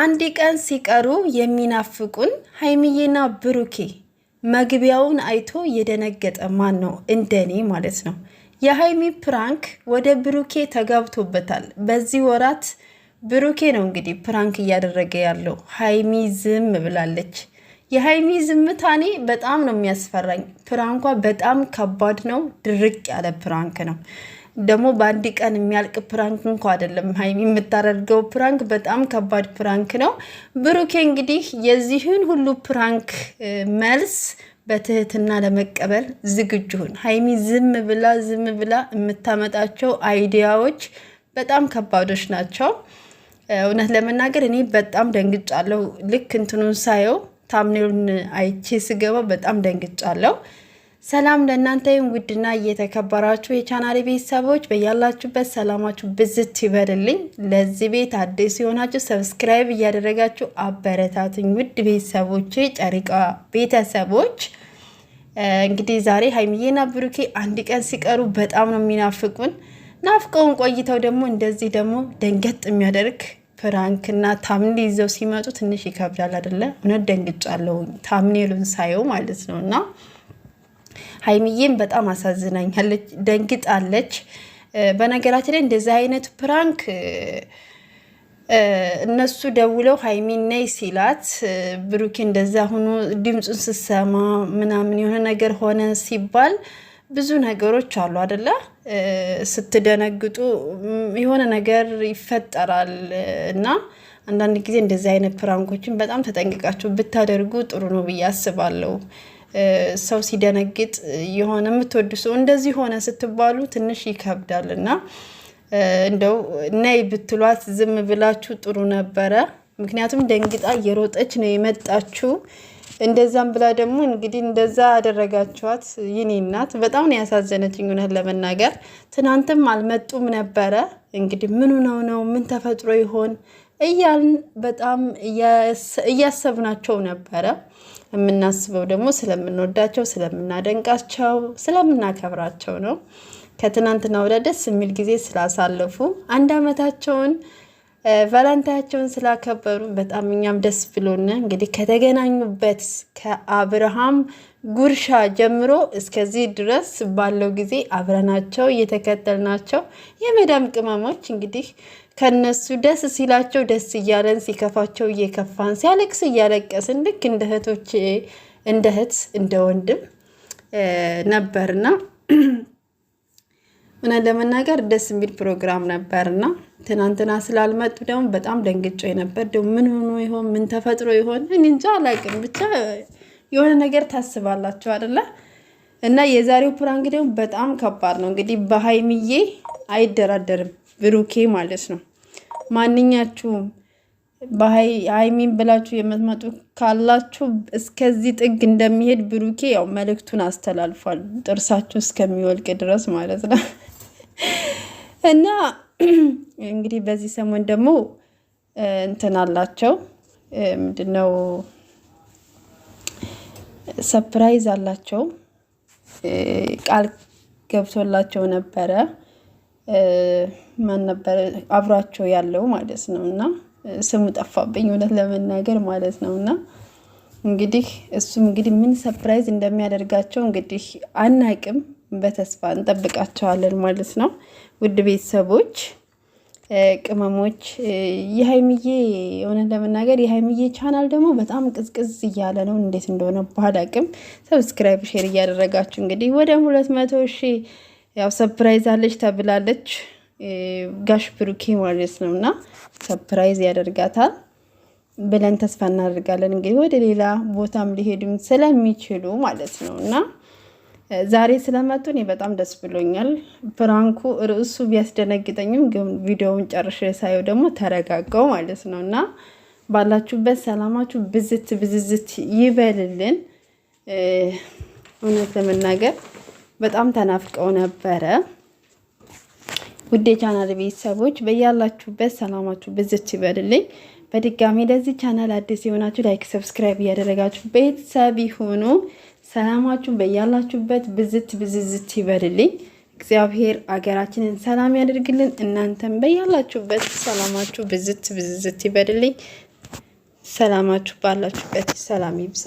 አንድ ቀን ሲቀሩ የሚናፍቁን ሀይሚዬና ብሩኬ መግቢያውን አይቶ የደነገጠ ማን ነው? እንደኔ ማለት ነው። የሀይሚ ፕራንክ ወደ ብሩኬ ተጋብቶበታል። በዚህ ወራት ብሩኬ ነው እንግዲህ ፕራንክ እያደረገ ያለው። ሀይሚ ዝም ብላለች። የሀይሚ ዝምታኔ በጣም ነው የሚያስፈራኝ። ፕራንኳ በጣም ከባድ ነው። ድርቅ ያለ ፕራንክ ነው። ደግሞ በአንድ ቀን የሚያልቅ ፕራንክ እንኳ አይደለም ሀይሚ የምታደርገው ፕራንክ በጣም ከባድ ፕራንክ ነው። ብሩኬ እንግዲህ የዚህን ሁሉ ፕራንክ መልስ በትህትና ለመቀበል ዝግጁ ሁን። ሀይሚ ዝም ብላ ዝም ብላ የምታመጣቸው አይዲያዎች በጣም ከባዶች ናቸው። እውነት ለመናገር እኔ በጣም ደንግጫለሁ። ልክ እንትኑን ሳየው ታምኔውን አይቼ ስገባ በጣም ደንግጫለሁ። ሰላም ለእናንተ ይሁን ውድና እየተከበራችሁ የቻናል ቤተሰቦች በያላችሁበት ሰላማችሁ ብዝት ይበልልኝ። ለዚህ ቤት አዲስ የሆናችሁ ሰብስክራይብ እያደረጋችሁ አበረታትኝ። ውድ ቤተሰቦች፣ ጨሪቃ ቤተሰቦች እንግዲህ ዛሬ ሀይሚዬና ብሩኬ አንድ ቀን ሲቀሩ በጣም ነው የሚናፍቁን። ናፍቀውን ቆይተው ደግሞ እንደዚህ ደግሞ ደንገጥ የሚያደርግ ፍራንክና ታምኒ ይዘው ሲመጡ ትንሽ ይከብዳል አይደለ? እውነት ደንግጫለሁ፣ ታምኔሉን ሳየው ማለት ነው እና ሀይሚዬም በጣም አሳዝናኛለች፣ ደንግጣለች። በነገራችን ላይ እንደዚህ አይነት ፕራንክ እነሱ ደውለው ሀይሚ ነይ ሲላት ብሩኬ እንደዛ ሆኖ ድምፁን ስሰማ ምናምን የሆነ ነገር ሆነ ሲባል ብዙ ነገሮች አሉ አደለ? ስትደነግጡ የሆነ ነገር ይፈጠራል እና አንዳንድ ጊዜ እንደዚህ አይነት ፕራንኮችን በጣም ተጠንቅቃችሁ ብታደርጉ ጥሩ ነው ብዬ አስባለሁ። ሰው ሲደነግጥ የሆነ የምትወዱ ሰው እንደዚህ ሆነ ስትባሉ ትንሽ ይከብዳል እና እንደው ነይ ብትሏት ዝም ብላችሁ ጥሩ ነበረ። ምክንያቱም ደንግጣ እየሮጠች ነው የመጣችሁ። እንደዛም ብላ ደግሞ እንግዲህ እንደዛ አደረጋችኋት። ይኔ እናት በጣም ነው ያሳዘነችኝ፣ እውነት ለመናገር ትናንትም አልመጡም ነበረ እንግዲህ ምኑ ነው ነው ምን ተፈጥሮ ይሆን እያልን በጣም እያሰብናቸው ነበረ። የምናስበው ደግሞ ስለምንወዳቸው፣ ስለምናደንቃቸው፣ ስለምናከብራቸው ነው። ከትናንትና ወደ ደስ የሚል ጊዜ ስላሳለፉ አንድ አመታቸውን ቫላንታያቸውን ስላከበሩ በጣም እኛም ደስ ብሎን እንግዲህ ከተገናኙበት ከአብርሃም ጉርሻ ጀምሮ እስከዚህ ድረስ ባለው ጊዜ አብረናቸው እየተከተልናቸው የመዳም ቅመሞች እንግዲህ ከነሱ ደስ ሲላቸው ደስ እያለን ሲከፋቸው እየከፋን ሲያለቅስ እያለቀስን ልክ እንደ እህቶች እንደ እህት እንደ ወንድም ነበርና እውነት ለመናገር ደስ የሚል ፕሮግራም ነበርና ትናንትና ስላልመጡ ደግሞ በጣም ደንግጮ ነበር። ደግሞ ምን ሆኖ ይሆን? ምን ተፈጥሮ ይሆን? እኔ እንጃ አላውቅም። ብቻ የሆነ ነገር ታስባላችሁ አይደለ? እና የዛሬው ፕራንክ ደግሞ በጣም ከባድ ነው። እንግዲህ በሀይሚዬ አይደራደርም ብሩኬ ማለት ነው። ማንኛችሁም ሀይሚን ብላችሁ የምትመጡ ካላችሁ እስከዚህ ጥግ እንደሚሄድ ብሩኬ ያው መልእክቱን አስተላልፏል። ጥርሳችሁ እስከሚወልቅ ድረስ ማለት ነው። እና እንግዲህ በዚህ ሰሞን ደግሞ እንትን አላቸው ምንድነው ሰፕራይዝ አላቸው። ቃል ገብቶላቸው ነበረ። ማን ነበረ አብሯቸው ያለው ማለት ነው እና ስሙ ጠፋብኝ እውነት ለመናገር ማለት ነው እና እንግዲህ እሱም እንግዲህ ምን ሰፕራይዝ እንደሚያደርጋቸው እንግዲህ አናቅም። በተስፋ እንጠብቃቸዋለን ማለት ነው። ውድ ቤተሰቦች ቅመሞች፣ የሀይምዬ እውነት ለመናገር የሀይምዬ ቻናል ደግሞ በጣም ቅዝቅዝ እያለ ነው። እንዴት እንደሆነ ባላቅም ሰብስክራይብ፣ ሼር እያደረጋችሁ እንግዲህ ወደ ሁለት መቶ ሺ ያው ሰፕራይዝ አለች ተብላለች ጋሽ ብሩኬ ማለት ነው እና ሰፕራይዝ ያደርጋታል ብለን ተስፋ እናደርጋለን። እንግዲህ ወደ ሌላ ቦታም ሊሄዱም ስለሚችሉ ማለት ነው እና ዛሬ ስለመጡ እኔ በጣም ደስ ብሎኛል። ፍራንኩ ርዕሱ ቢያስደነግጠኝም ግን ቪዲዮውን ጨርሼ ሳየው ደግሞ ተረጋጋው ማለት ነው እና ባላችሁበት ሰላማችሁ ብዝት ብዝዝት ይበልልን። እውነት ለመናገር በጣም ተናፍቀው ነበረ። ውዴ ቻናል ቤተሰቦች በያላችሁበት ሰላማችሁ ብዝት ይበልልኝ። በድጋሚ ለዚህ ቻናል አዲስ የሆናችሁ ላይክ፣ ሰብስክራይብ እያደረጋችሁ ቤተሰብ ይሁኑ። ሰላማችሁን በያላችሁበት ብዝት ብዝዝት ይበልልኝ። እግዚአብሔር አገራችንን ሰላም ያደርግልን። እናንተም በያላችሁበት ሰላማችሁ ብዝት ብዝዝት ይበልልኝ። ሰላማችሁ ባላችሁበት ሰላም ይብዛ።